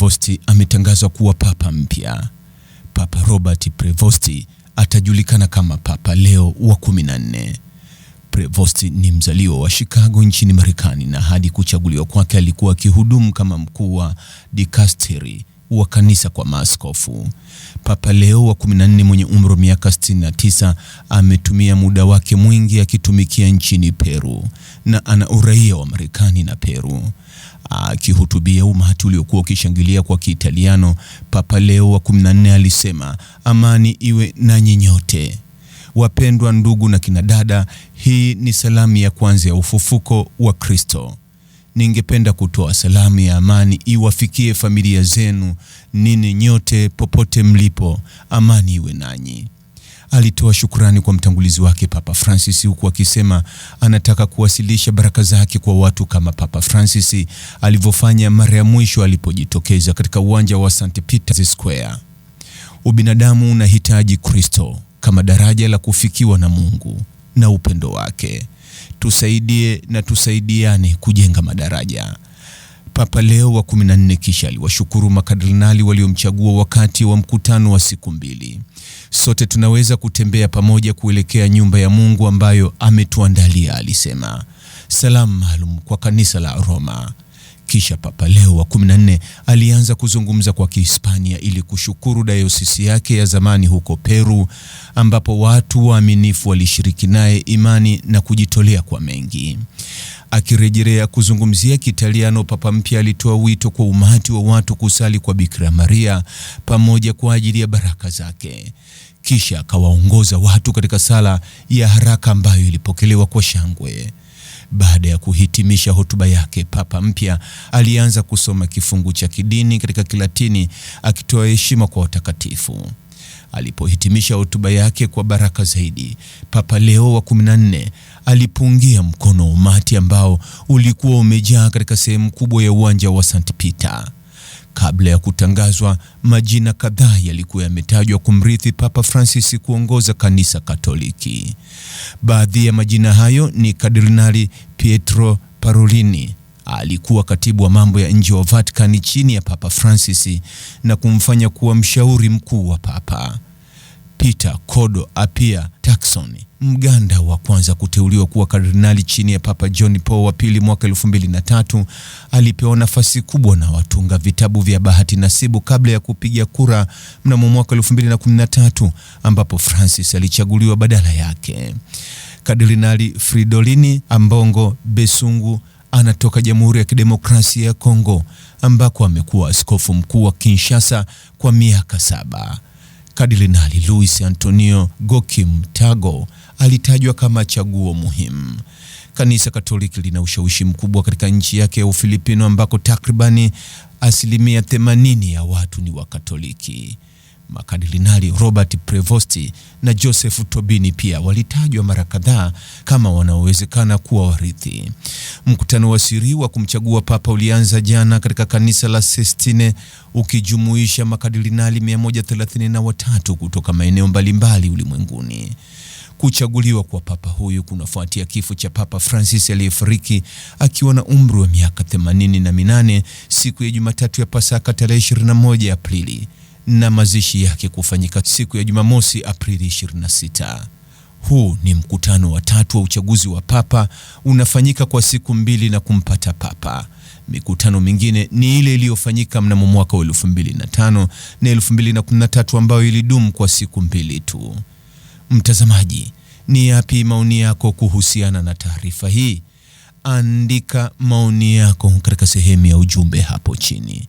Prevosti ametangazwa kuwa papa mpya. Papa Robert prevosti atajulikana kama Papa Leo wa 14. prevosti ni mzaliwa wa Chicago nchini Marekani na hadi kuchaguliwa kwake alikuwa akihudumu kama mkuu wa dikasteri wa kanisa kwa maaskofu. Papa Leo wa 14 mwenye umri wa miaka 69 ametumia muda wake mwingi akitumikia nchini Peru na ana uraia wa Marekani na Peru. Akihutubia umati uliokuwa ukishangilia kwa Kiitaliano, Papa Leo wa 14 alisema, amani iwe na nyote. Wapendwa ndugu na kinadada, hii ni salamu ya kwanza ya ufufuko wa Kristo ningependa kutoa salamu ya amani iwafikie familia zenu, nini nyote popote mlipo, amani iwe nanyi. Alitoa shukrani kwa mtangulizi wake Papa Francis, huku akisema anataka kuwasilisha baraka zake kwa watu kama Papa Francis alivyofanya mara ya mwisho alipojitokeza katika uwanja wa St. Peter's Square. Ubinadamu unahitaji Kristo kama daraja la kufikiwa na Mungu na upendo wake tusaidie na tusaidiane kujenga madaraja. Papa Leo wa 14 kisha aliwashukuru makadrinali waliomchagua wakati wa mkutano wa siku mbili. Sote tunaweza kutembea pamoja kuelekea nyumba ya Mungu ambayo ametuandalia, alisema. Salamu maalum kwa kanisa la Roma. Kisha Papa Leo wa 14 alianza kuzungumza kwa Kihispania ili kushukuru dayosisi yake ya zamani huko Peru, ambapo watu waaminifu walishiriki naye imani na kujitolea kwa mengi. Akirejelea kuzungumzia Kitaliano, Papa mpya alitoa wito kwa umati wa watu kusali kwa Bikira Maria pamoja kwa ajili ya baraka zake. Kisha akawaongoza watu katika sala ya haraka ambayo ilipokelewa kwa shangwe. Baada ya kuhitimisha hotuba yake, Papa mpya alianza kusoma kifungu cha kidini katika Kilatini akitoa heshima kwa watakatifu. Alipohitimisha hotuba yake kwa baraka zaidi, Papa Leo wa 14 alipungia mkono umati ambao ulikuwa umejaa katika sehemu kubwa ya uwanja wa St. Peter. Kabla ya kutangazwa, majina kadhaa yalikuwa yametajwa kumrithi Papa Francis kuongoza kanisa Katoliki. Baadhi ya majina hayo ni Kardinali Pietro Parolini, alikuwa katibu wa mambo ya nje wa Vatican chini ya Papa Francis na kumfanya kuwa mshauri mkuu wa Papa. Peter Kodo Apia Turkson, Mganda wa kwanza kuteuliwa kuwa kardinali chini ya Papa John Paul wa pili mwaka 2003, alipewa nafasi kubwa na watunga vitabu vya bahati nasibu kabla ya kupiga kura mnamo mwaka 2013, ambapo Francis alichaguliwa badala yake. Kardinali Fridolini Ambongo Besungu anatoka Jamhuri ya Kidemokrasia ya Kongo ambako amekuwa askofu mkuu wa Kinshasa kwa miaka saba. Kardinali Luis Antonio Gokim tago alitajwa kama chaguo muhimu. Kanisa Katoliki lina ushawishi mkubwa katika nchi yake ya Ufilipino ambako takribani asilimia 80 ya watu ni Wakatoliki. Makadilinali Robert Prevost na Joseph Tobini pia walitajwa mara kadhaa kama wanaowezekana kuwa warithi. Mkutano wa siri wa kumchagua papa ulianza jana katika kanisa la Sistine ukijumuisha makadilinali 133 kutoka maeneo mbalimbali ulimwenguni. Kuchaguliwa kwa papa huyu kunafuatia kifo cha Papa Francis aliyefariki akiwa na umri wa miaka 88 siku ya Jumatatu ya Pasaka tarehe 21 Aprili na mazishi yake kufanyika siku ya Jumamosi Aprili 26. Huu ni mkutano wa tatu wa uchaguzi wa Papa, unafanyika kwa siku mbili na kumpata Papa. Mikutano mingine ni ile iliyofanyika mnamo mwaka wa 2005 na 2013 ambayo ilidumu kwa siku mbili tu. Mtazamaji, ni yapi maoni yako kuhusiana na taarifa hii? Andika maoni yako katika sehemu ya ujumbe hapo chini